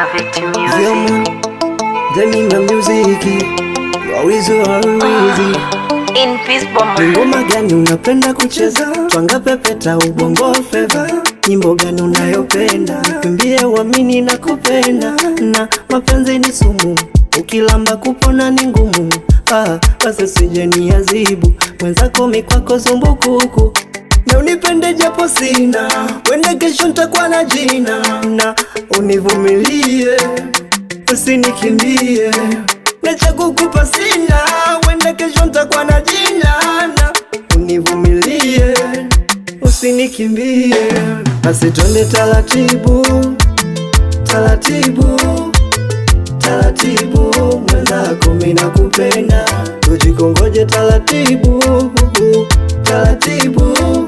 Vyema jamii ah, na muziki ngoma gani unapenda kucheza? Twanga pepeta ubongo feva, nyimbo gani unayopenda? Kimbie uamini na kupenda, na mapenzi ni sumu, ukilamba kupona ni ngumu. Ah, basi sijeni azibu mwenzako mikwako zumbukuku na unipende japo sina, wende, kesho nitakuwa na jina, na univumilie usinikimbie, na sina, wende, kesho nitakuwa na jina, na univumilie usinikimbie, basi twende taratibu taratibu taratibu, mwenzako mimi nakupenda, tujikongoje taratibu taratibu